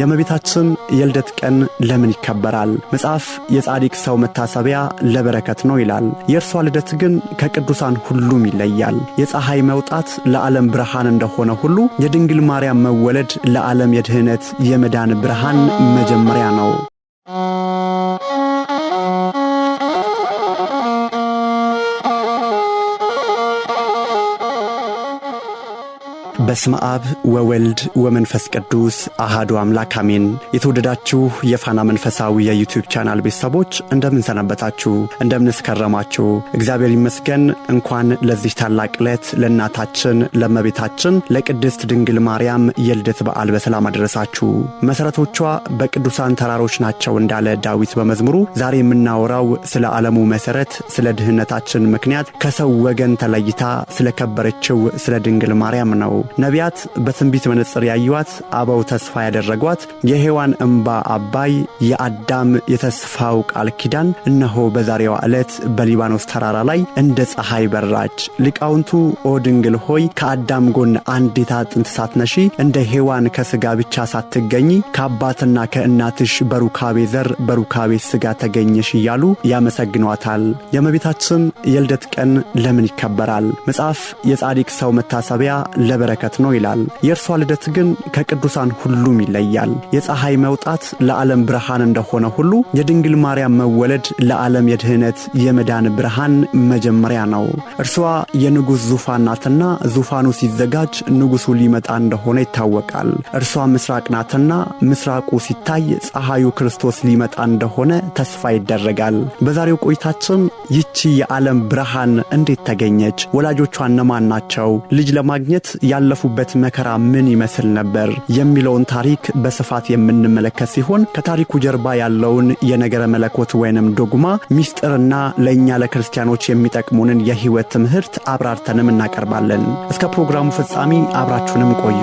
የእመቤታችን የልደት ቀን ለምን ይከበራል? መጽሐፍ የጻድቅ ሰው መታሰቢያ ለበረከት ነው ይላል። የእርሷ ልደት ግን ከቅዱሳን ሁሉም ይለያል። የፀሐይ መውጣት ለዓለም ብርሃን እንደሆነ ሁሉ የድንግል ማርያም መወለድ ለዓለም የድህነት የመዳን ብርሃን መጀመሪያ ነው። በስመ አብ ወወልድ ወመንፈስ ቅዱስ አሃዱ አምላክ አሜን። የተወደዳችሁ የፋና መንፈሳዊ የዩቲዩብ ቻናል ቤተሰቦች እንደምን ሰነበታችሁ? እግዚአብሔር ይመስገን። እንኳን ለዚህ ታላቅ ዕለት ለእናታችን ለመቤታችን ለቅድስት ድንግል ማርያም የልደት በዓል በሰላም አደረሳችሁ። መሠረቶቿ በቅዱሳን ተራሮች ናቸው እንዳለ ዳዊት በመዝሙሩ ዛሬ የምናወራው ስለ ዓለሙ መሠረት ስለ ድህነታችን ምክንያት ከሰው ወገን ተለይታ ስለከበረችው ስለ ድንግል ማርያም ነው። ነቢያት በትንቢት መነጽር ያዩዋት፣ አበው ተስፋ ያደረጓት፣ የሔዋን እምባ አባይ፣ የአዳም የተስፋው ቃል ኪዳን እነሆ በዛሬዋ ዕለት በሊባኖስ ተራራ ላይ እንደ ፀሐይ በራች። ሊቃውንቱ ኦድንግል ሆይ ከአዳም ጎን አንዲት አጥንት ሳትነሺ እንደ ሔዋን ከሥጋ ብቻ ሳትገኝ ከአባትና ከእናትሽ በሩካቤ ዘር በሩካቤ ሥጋ ተገኘሽ እያሉ ያመሰግኗታል። የእመቤታችን የልደት ቀን ለምን ይከበራል? መጽሐፍ የጻድቅ ሰው መታሰቢያ ለበረከት ልደት ነው ይላል። የእርሷ ልደት ግን ከቅዱሳን ሁሉም ይለያል። የፀሐይ መውጣት ለዓለም ብርሃን እንደሆነ ሁሉ የድንግል ማርያም መወለድ ለዓለም የድህነት የመዳን ብርሃን መጀመሪያ ነው። እርሷ የንጉሥ ዙፋን ናትና ዙፋኑ ሲዘጋጅ ንጉሡ ሊመጣ እንደሆነ ይታወቃል። እርሷ ምስራቅ ናትና ምስራቁ ሲታይ ፀሐዩ ክርስቶስ ሊመጣ እንደሆነ ተስፋ ይደረጋል። በዛሬው ቆይታችን ይቺ የዓለም ብርሃን እንዴት ተገኘች? ወላጆቿ እነማን ናቸው? ልጅ ለማግኘት ያለፉበት መከራ ምን ይመስል ነበር? የሚለውን ታሪክ በስፋት የምንመለከት ሲሆን ከታሪኩ ጀርባ ያለውን የነገረ መለኮት ወይንም ዶግማ ሚስጥርና ለእኛ ለክርስቲያኖች የሚጠቅሙንን የሕይወት ትምህርት አብራርተንም እናቀርባለን። እስከ ፕሮግራሙ ፍጻሜ አብራችሁንም ቆዩ።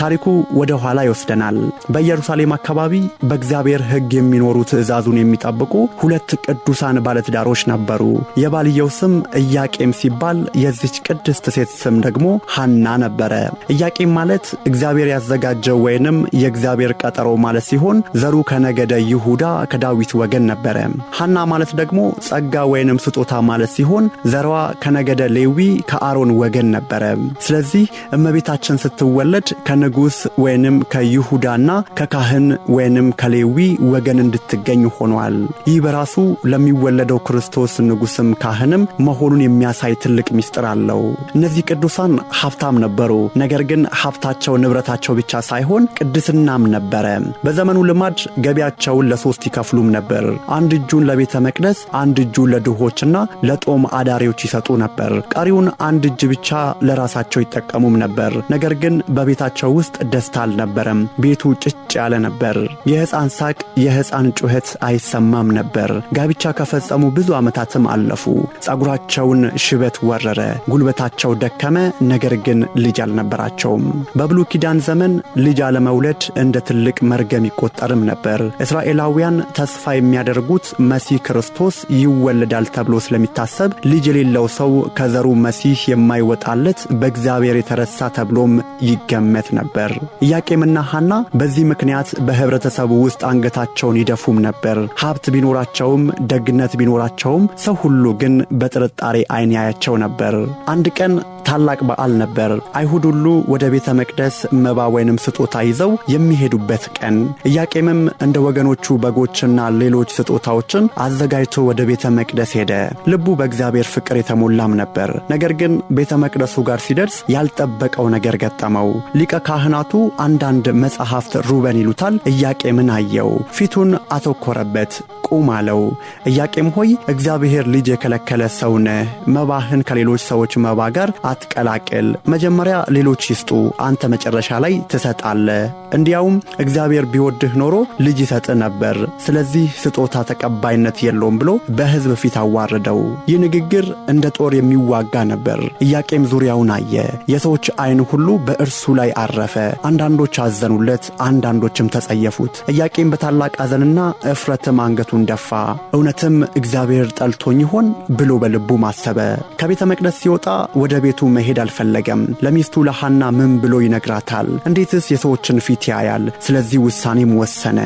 ታሪኩ ወደ ኋላ ይወስደናል። በኢየሩሳሌም አካባቢ በእግዚአብሔር ሕግ የሚኖሩ ትእዛዙን የሚጠብቁ ሁለት ቅዱሳን ባለትዳሮች ነበሩ። የባልየው ስም እያቄም ሲባል የዚች ቅድስት ሴት ስም ደግሞ ሐና ነበረ። እያቄም ማለት እግዚአብሔር ያዘጋጀው ወይንም የእግዚአብሔር ቀጠሮ ማለት ሲሆን ዘሩ ከነገደ ይሁዳ ከዳዊት ወገን ነበረ። ሐና ማለት ደግሞ ጸጋ ወይንም ስጦታ ማለት ሲሆን ዘሯ ከነገደ ሌዊ ከአሮን ወገን ነበረ። ስለዚህ እመቤታችን ስትወለድ ከንጉሥ ወይንም ከይሁዳና ከካህን ወይንም ከሌዊ ወገን እንድትገኝ ሆኗል። ይህ በራሱ ለሚወለደው ክርስቶስ ንጉሥም ካህንም መሆኑን የሚያሳይ ትልቅ ምስጢር አለው። እነዚህ ቅዱሳን ሀብታም ነበሩ። ነገር ግን ሀብታቸው ንብረታቸው ብቻ ሳይሆን ቅድስናም ነበረ። በዘመኑ ልማድ ገቢያቸውን ለሶስት ይከፍሉም ነበር። አንድ እጁን ለቤተ መቅደስ፣ አንድ እጁን ለድሆችና ለጦም አዳሪዎች ይሰጡ ነበር። ቀሪውን አንድ እጅ ብቻ ለራሳቸው ይጠቀሙም ነበር። ነገር ግን በቤታቸው ውስጥ ደስታ አልነበረም። ቤቱ ጭጭ ያለ ነበር። የሕፃን ሳቅ፣ የሕፃን ጩኸት አይሰማም ነበር። ጋብቻ ከፈጸሙ ብዙ ዓመታትም አለፉ። ጸጉራቸውን ሽበት ወረረ፣ ጉልበታቸው ደከመ። ነገር ግን ልጅ አልነበራቸውም። በብሉይ ኪዳን ዘመን ልጅ አለመውለድ እንደ ትልቅ መርገም ይቆጠርም ነበር። እስራኤላውያን ተስፋ የሚያደርጉት መሲህ ክርስቶስ ይወለዳል ተብሎ ስለሚታሰብ ልጅ የሌለው ሰው ከዘሩ መሲህ የማይወጣለት በእግዚአብሔር የተረሳ ተብሎም ይገመት ነበር። ነበር። ኢያቄምና ሐና በዚህ ምክንያት በህብረተሰቡ ውስጥ አንገታቸውን ይደፉም ነበር። ሀብት ቢኖራቸውም ደግነት ቢኖራቸውም ሰው ሁሉ ግን በጥርጣሬ አይን ያያቸው ነበር። አንድ ቀን ታላቅ በዓል ነበር። አይሁድ ሁሉ ወደ ቤተ መቅደስ መባ ወይንም ስጦታ ይዘው የሚሄዱበት ቀን። ኢያቄምም እንደ ወገኖቹ በጎችና ሌሎች ስጦታዎችን አዘጋጅቶ ወደ ቤተ መቅደስ ሄደ። ልቡ በእግዚአብሔር ፍቅር የተሞላም ነበር። ነገር ግን ቤተ መቅደሱ ጋር ሲደርስ ያልጠበቀው ነገር ገጠመው። ሊቀ ካህናቱ አንዳንድ መጽሐፍት ሩበን ይሉታል ኢያቄምን አየው። ፊቱን አተኮረበት፣ ቁም አለው። ኢያቄም ሆይ እግዚአብሔር ልጅ የከለከለ ሰው ነህ። መባህን ከሌሎች ሰዎች መባ ጋር አትቀላቅል። መጀመሪያ ሌሎች ይስጡ፣ አንተ መጨረሻ ላይ ትሰጣለ። እንዲያውም እግዚአብሔር ቢወድህ ኖሮ ልጅ ይሰጥ ነበር። ስለዚህ ስጦታ ተቀባይነት የለውም ብሎ በሕዝብ ፊት አዋረደው። ይህ ንግግር እንደ ጦር የሚዋጋ ነበር። ኢያቄም ዙሪያውን አየ። የሰዎች ዓይን ሁሉ በእርሱ ላይ አረፈ። አንዳንዶች አዘኑለት፣ አንዳንዶችም ተጸየፉት። ኢያቄም በታላቅ አዘንና እፍረትም አንገቱን ደፋ። እውነትም እግዚአብሔር ጠልቶኝ ይሆን ብሎ በልቡ ማሰበ። ከቤተ መቅደስ ሲወጣ ወደ ቤቱ መሄድ አልፈለገም። ለሚስቱ ለሐና ምን ብሎ ይነግራታል? እንዴትስ የሰዎችን ፊት ያያል? ስለዚህ ውሳኔም ወሰነ።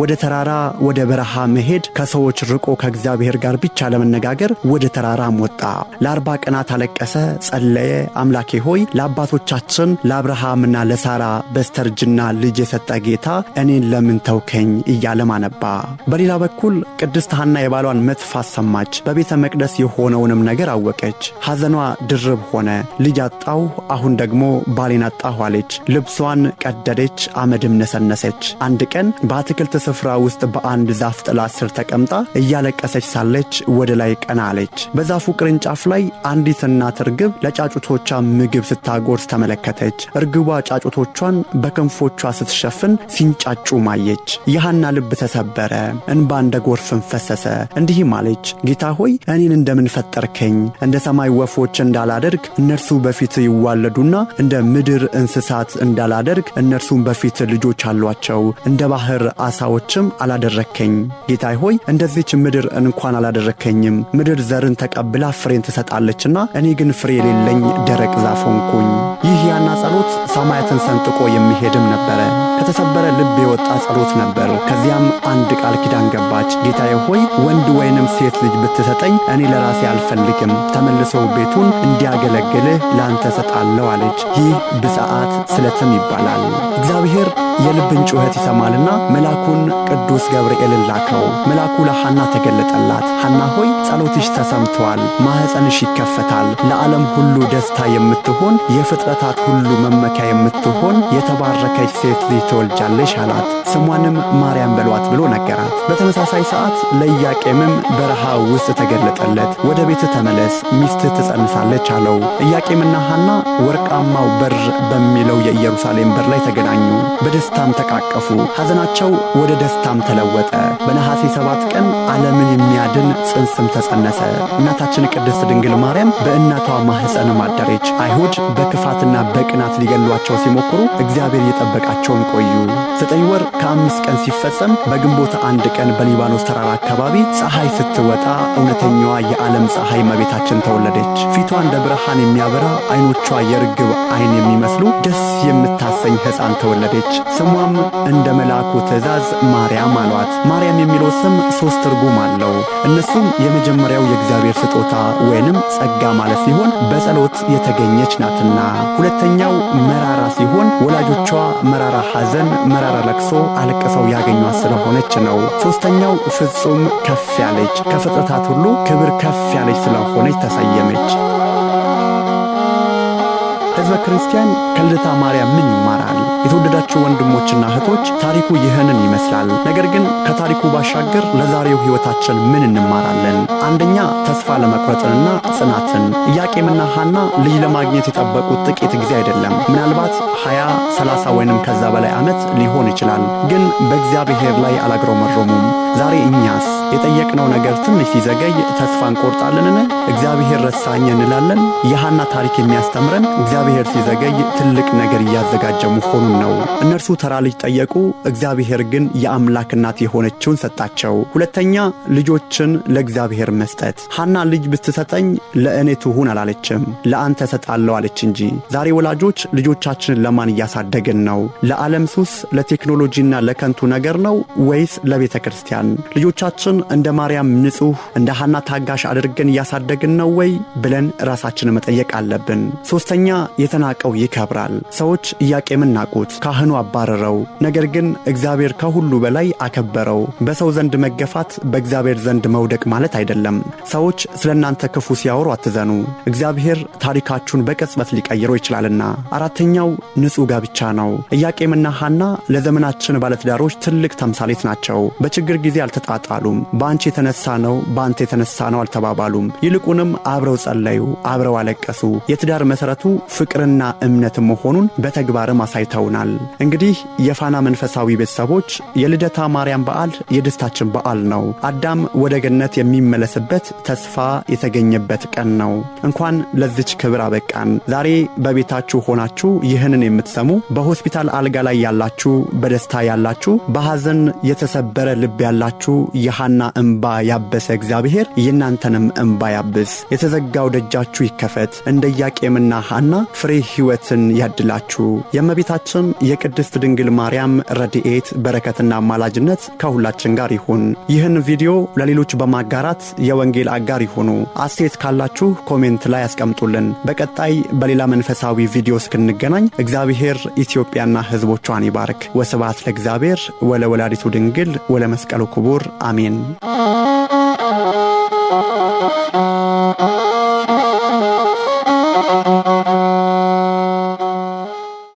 ወደ ተራራ ወደ በረሃ መሄድ፣ ከሰዎች ርቆ ከእግዚአብሔር ጋር ብቻ ለመነጋገር ወደ ተራራም ወጣ። ለአርባ ቀናት አለቀሰ፣ ጸለየ። አምላኬ ሆይ ለአባቶቻችን ለአብርሃምና ለሳራ በስተርጅና ልጅ የሰጠ ጌታ እኔን ለምን ተውከኝ እያለም አነባ። በሌላ በኩል ቅድስት ሐና የባሏን መጥፋት ሰማች። በቤተ መቅደስ የሆነውንም ነገር አወቀች። ሐዘኗ ድርብ ሆነ። ልጅ አጣሁ፣ አሁን ደግሞ ባሌን አጣሁ አለች። ልብሷን ቀደደች፣ አመድም ነሰነሰች። አንድ ቀን በአትክልት ስፍራ ውስጥ በአንድ ዛፍ ጥላ ስር ተቀምጣ እያለቀሰች ሳለች ወደ ላይ ቀና አለች። በዛፉ ቅርንጫፍ ላይ አንዲት እናት እርግብ ለጫጩቶቿ ምግብ ስታጎርስ ተመለከተች። እርግቧ ጫጩቶቿን በክንፎቿ ስትሸፍን ሲንጫጩ ማየች። የሐና ልብ ተሰበረ፣ እንባ እንደ ጎርፍን ፈሰሰ። እንዲህም አለች፣ ጌታ ሆይ እኔን እንደምን ፈጠርከኝ? እንደ ሰማይ ወፎች እንዳላደርግ ከእነርሱ በፊት ይዋለዱና እንደ ምድር እንስሳት እንዳላደርግ እነርሱም በፊት ልጆች አሏቸው፣ እንደ ባህር አሳዎችም አላደረከኝ። ጌታዬ ሆይ እንደዚች ምድር እንኳን አላደረከኝም። ምድር ዘርን ተቀብላ ፍሬን ትሰጣለችና፣ እኔ ግን ፍሬ የሌለኝ ደረቅ ዛፎንኩኝ ይህ ያና ጸሎት ሰማያትን ሰንጥቆ የሚሄድም ነበረ። ከተሰበረ ልብ የወጣ ጸሎት ነበር። ከዚያም አንድ ቃል ኪዳን ገባች። ጌታዬ ሆይ ወንድ ወይንም ሴት ልጅ ብትሰጠኝ እኔ ለራሴ አልፈልግም፣ ተመልሰው ቤቱን እንዲያገለግልህ ለአንተ ሰጣለሁ አለች። ይህ ብፅዓት ስለትም ይባላል። እግዚአብሔር የልብን ጩኸት ይሰማልና መልአኩ ቅዱስ ገብርኤል ላከው። መልአኩ ለሐና ተገለጠላት። ሐና ሆይ ጸሎትሽ ተሰምቷል፣ ማኅፀንሽ ይከፈታል። ለዓለም ሁሉ ደስታ የምትሆን የፍጥረታት ሁሉ መመኪያ የምትሆን የተባረከች ሴት ልጅ ትወልጃለሽ አላት። ስሟንም ማርያም በሏት ብሎ ነገራት። በተመሳሳይ ሰዓት ለኢያቄምም በረሃ ውስጥ ተገለጠለት። ወደ ቤት ተመለስ፣ ሚስትህ ትጸንሳለች አለው። ኢያቄምና ሐና ወርቃማው በር በሚለው የኢየሩሳሌም በር ላይ ተገናኙ። በደስታም ተቃቀፉ። ሐዘናቸው ወደ ደስታም ተለወጠ። በነሐሴ ሰባት ቀን ዓለምን የሚያድን ጽንስም ተጸነሰ። እናታችን ቅድስት ድንግል ማርያም በእናቷ ማህፀን ማደረች። አይሁድ በክፋትና በቅናት ሊገሏቸው ሲሞክሩ እግዚአብሔር እየጠበቃቸውን ቆዩ። ዘጠኝ ወር ከአምስት ቀን ሲፈጸም በግንቦት አንድ ቀን በሊባኖስ ተራራ አካባቢ ፀሐይ ስትወጣ እውነተኛዋ የዓለም ፀሐይ መቤታችን ተወለደች። ፊቷ እንደ ብርሃን የሚያበራ አይኖቿ የርግብ አይን የሚመስሉ ደስ የምታሰኝ ሕፃን ተወለደች። ስሟም እንደ መልአኩ ትእዛዝ ማርያም ማርያም አሏት። ማርያም የሚለው ስም ሶስት ትርጉም አለው። እነሱም የመጀመሪያው የእግዚአብሔር ስጦታ ወይንም ጸጋ ማለት ሲሆን በጸሎት የተገኘች ናትና፣ ሁለተኛው መራራ ሲሆን ወላጆቿ መራራ ሐዘን፣ መራራ ለቅሶ አለቅሰው ያገኟት ስለሆነች ነው። ሶስተኛው ፍጹም ከፍ ያለች ከፍጥረታት ሁሉ ክብር ከፍ ያለች ስለሆነች ተሰየመች። ህዝበ ክርስቲያን ከልደታ ማርያም ምን ይማራል? የተወደዳችሁ ወንድሞችና እህቶች ታሪኩ ይህንን ይመስላል። ነገር ግን ከታሪኩ ባሻገር ለዛሬው ህይወታችን ምን እንማራለን? አንደኛ ተስፋ ለመቁረጥንና ጽናትን። ኢያቄምና ሐና ልጅ ለማግኘት የጠበቁት ጥቂት ጊዜ አይደለም። ምናልባት ሀያ ሰላሳ ወይንም ከዛ በላይ ዓመት ሊሆን ይችላል። ግን በእግዚአብሔር ላይ አላግረመረሙም። ዛሬ እኛስ የጠየቅነው ነገር ትንሽ ሲዘገይ ተስፋ እንቆርጣለንን? እግዚአብሔር ረሳኝ እንላለን? የሐና ታሪክ የሚያስተምረን እግዚአብሔር ሲዘገይ ትልቅ ነገር እያዘጋጀ መሆኑን ነው። እነርሱ ተራ ልጅ ጠየቁ፣ እግዚአብሔር ግን የአምላክ እናት የሆነችውን ሰጣቸው። ሁለተኛ ልጆችን ለእግዚአብሔር መስጠት። ሐና ልጅ ብትሰጠኝ ለእኔ ትሁን አላለችም፣ ለአንተ እሰጣለሁ አለች እንጂ። ዛሬ ወላጆች ልጆቻችንን ለማን እያሳደግን ነው? ለዓለም ሱስ፣ ለቴክኖሎጂና ለከንቱ ነገር ነው ወይስ ለቤተ ክርስቲያን? ልጆቻችን እንደ ማርያም ንጹህ እንደ ሐና ታጋሽ አድርገን እያሳደግን ነው ወይ ብለን ራሳችን መጠየቅ አለብን። ሦስተኛ የተናቀው ይከብራል። ሰዎች ኢያቄምን ናቁት፣ ካህኑ አባረረው። ነገር ግን እግዚአብሔር ከሁሉ በላይ አከበረው። በሰው ዘንድ መገፋት በእግዚአብሔር ዘንድ መውደቅ ማለት አይደለም። ሰዎች ስለ እናንተ ክፉ ሲያወሩ አትዘኑ፣ እግዚአብሔር ታሪካችሁን በቅጽበት ሊቀይረው ይችላልና። አራተኛው ንጹሕ ጋብቻ ነው። ኢያቄምና ሐና ለዘመናችን ባለትዳሮች ትልቅ ተምሳሌት ናቸው። በችግር ጊዜ አልተጣጣሉም። በአንቺ የተነሳ ነው፣ በአንተ የተነሳ ነው አልተባባሉም። ይልቁንም አብረው ጸለዩ፣ አብረው አለቀሱ። የትዳር መሠረቱ ፍቅርና እምነት መሆኑን በተግባርም አሳይተውናል። እንግዲህ የፋና መንፈሳዊ ቤተሰቦች የልደታ ማርያም በዓል የደስታችን በዓል ነው። አዳም ወደ ገነት የሚመለስበት ተስፋ የተገኘበት ቀን ነው። እንኳን ለዚች ክብር አበቃን። ዛሬ በቤታችሁ ሆናችሁ ይህንን የምትሰሙ በሆስፒታል አልጋ ላይ ያላችሁ፣ በደስታ ያላችሁ፣ በሐዘን የተሰበረ ልብ ያላችሁ የሃና ሐዘንና እምባ ያበሰ እግዚአብሔር የእናንተንም እምባ ያብስ፣ የተዘጋው ደጃችሁ ይከፈት፣ እንደ ኢያቄምና ሐና ፍሬ ሕይወትን ያድላችሁ። የእመቤታችን የቅድስት ድንግል ማርያም ረድኤት በረከትና አማላጅነት ከሁላችን ጋር ይሁን። ይህን ቪዲዮ ለሌሎች በማጋራት የወንጌል አጋር ይሁኑ። አስተያየት ካላችሁ ኮሜንት ላይ ያስቀምጡልን። በቀጣይ በሌላ መንፈሳዊ ቪዲዮ እስክንገናኝ እግዚአብሔር ኢትዮጵያና ሕዝቦቿን ይባርክ። ወስብሐት ለእግዚአብሔር ወለወላዲቱ ድንግል ወለመስቀሉ ክቡር አሜን። Música uhum.